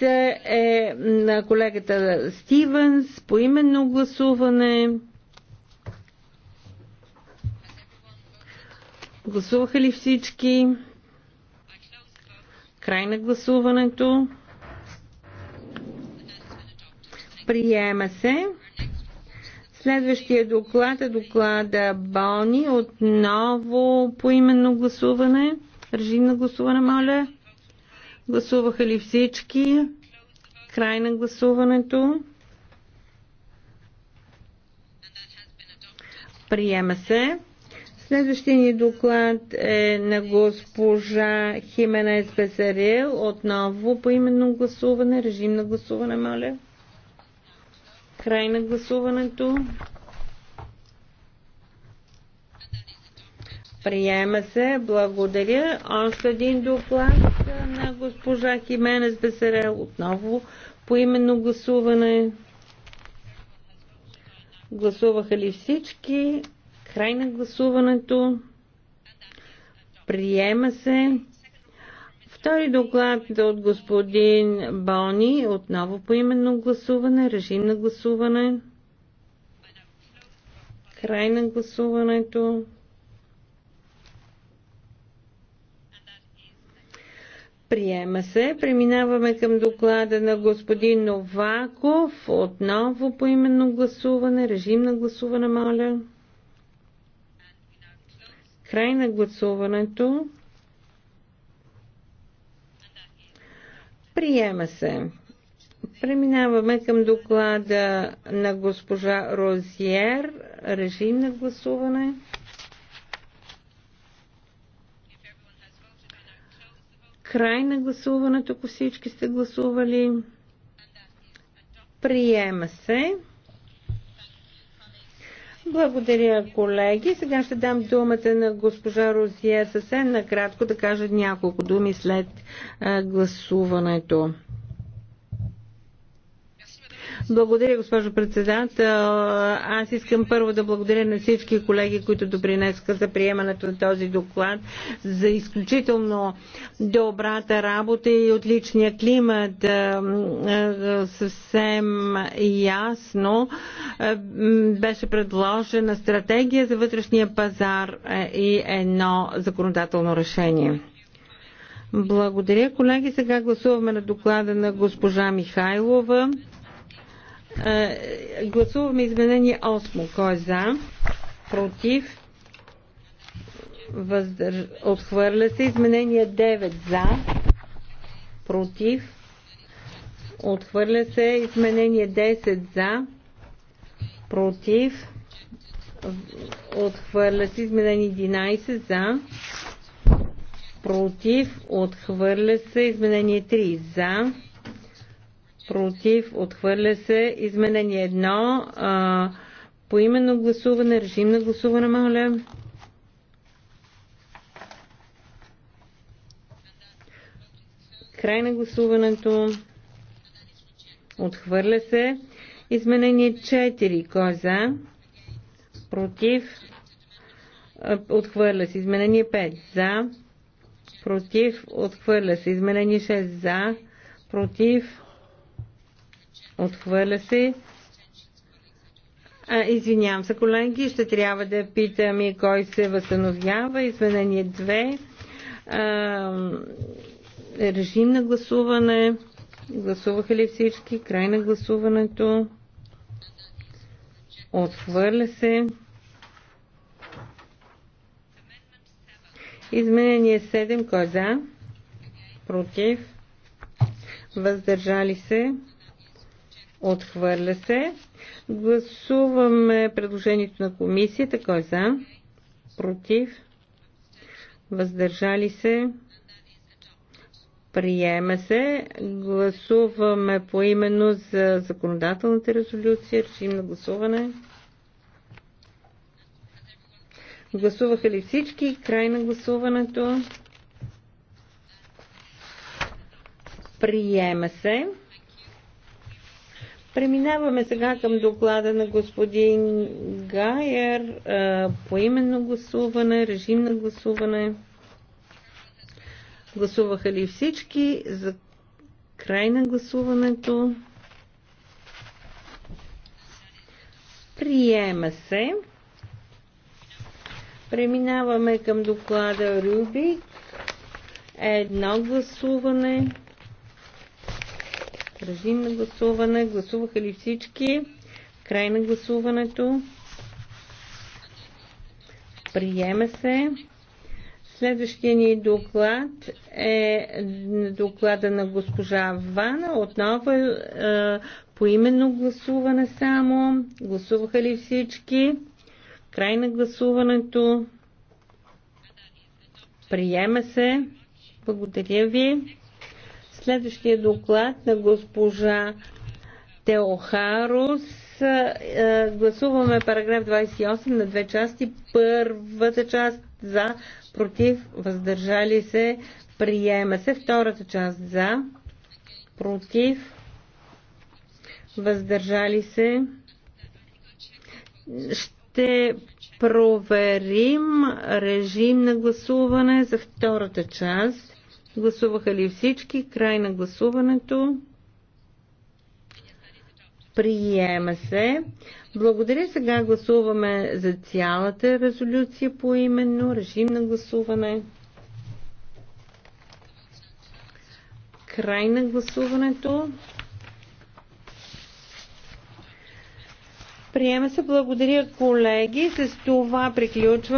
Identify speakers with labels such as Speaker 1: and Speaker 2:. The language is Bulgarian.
Speaker 1: е на колегата Стивенс по именно гласуване. Гласуваха ли всички? Край на гласуването. Приема се. Следващия доклад е доклада Бони. Отново по именно гласуване. Режим на гласуване, моля. Гласуваха ли всички? Край на гласуването. Приема се. Следващия ни доклад е на госпожа Химена Езбезарел. Отново по именно гласуване. Режим на гласуване, моля. Край на гласуването. Приема се. Благодаря. Още един доклад на госпожа Хименес Бесерел отново по именно гласуване. Гласуваха ли всички? Край на гласуването. Приема се. Втори доклад от господин Бони. Отново по именно гласуване. Режим на гласуване. Край на гласуването. Приема се. Преминаваме към доклада на господин Новаков. Отново по именно гласуване. Режим на гласуване, моля. Край на гласуването. Приема се. Преминаваме към доклада на госпожа Розиер. Режим на гласуване. Край на гласуването, ако всички сте гласували. Приема се. Благодаря, колеги. Сега ще дам думата на госпожа Розия съвсем накратко да кажа няколко думи след гласуването. Благодаря, госпожо председател. Аз искам първо да благодаря на всички колеги, които допринеска за приемането на този доклад, за изключително добрата работа и отличния климат. Е, е, съвсем ясно е, беше предложена стратегия за вътрешния пазар и едно законодателно решение. Благодаря, колеги. Сега гласуваме на доклада на госпожа Михайлова. Е, гласуваме изменение 8. Кой е за? Против? Въздърж... Отхвърля се. Изменение 9. За? Против? Отхвърля се. Изменение 10. За? Против? Отхвърля се. Изменение 11. За? Против? Отхвърля се. Изменение 3. За? против, отхвърля се. Изменение 1. А, по именно гласуване, режим на гласуване, моля. Край на гласуването. Отхвърля се. Изменение 4. Кой е за? Против. Отхвърля се. Изменение 5. За. Против. Отхвърля се. Изменение 6. За. Против. Отхвърля се. А, извинявам се, колеги, ще трябва да питам и кой се възстановява. Изменение 2. А, режим на гласуване. Гласуваха ли всички? Край на гласуването. Отхвърля се. Изменение 7. Кой е за? Против. Въздържали се. Отхвърля се. Гласуваме предложението на комисията. Кой е за? Против? Въздържали се? Приема се. Гласуваме по именно за законодателната резолюция. Режим на гласуване. Гласуваха ли всички? Край на гласуването. Приема се. Преминаваме сега към доклада на господин Гайер. По именно гласуване, режим на гласуване. Гласуваха ли всички за край на гласуването? Приема се. Преминаваме към доклада Рюбик. Едно гласуване. На гласуване. Гласуваха ли всички? Край на гласуването. Приема се. Следващия ни доклад е доклада на госпожа Вана. Отново е, е по именно гласуване само. Гласуваха ли всички? Край на гласуването. Приема се. Благодаря ви. Следващия доклад на госпожа Теохарус. Е, гласуваме параграф 28 на две части. Първата част за, против, въздържали се, приема се. Втората част за, против, въздържали се. Ще проверим режим на гласуване за втората част. Гласуваха ли всички? Край на гласуването. Приема се. Благодаря. Сега гласуваме за цялата резолюция по именно. Режим на гласуване. Край на гласуването. Приема се. Благодаря, колеги. С това приключваме.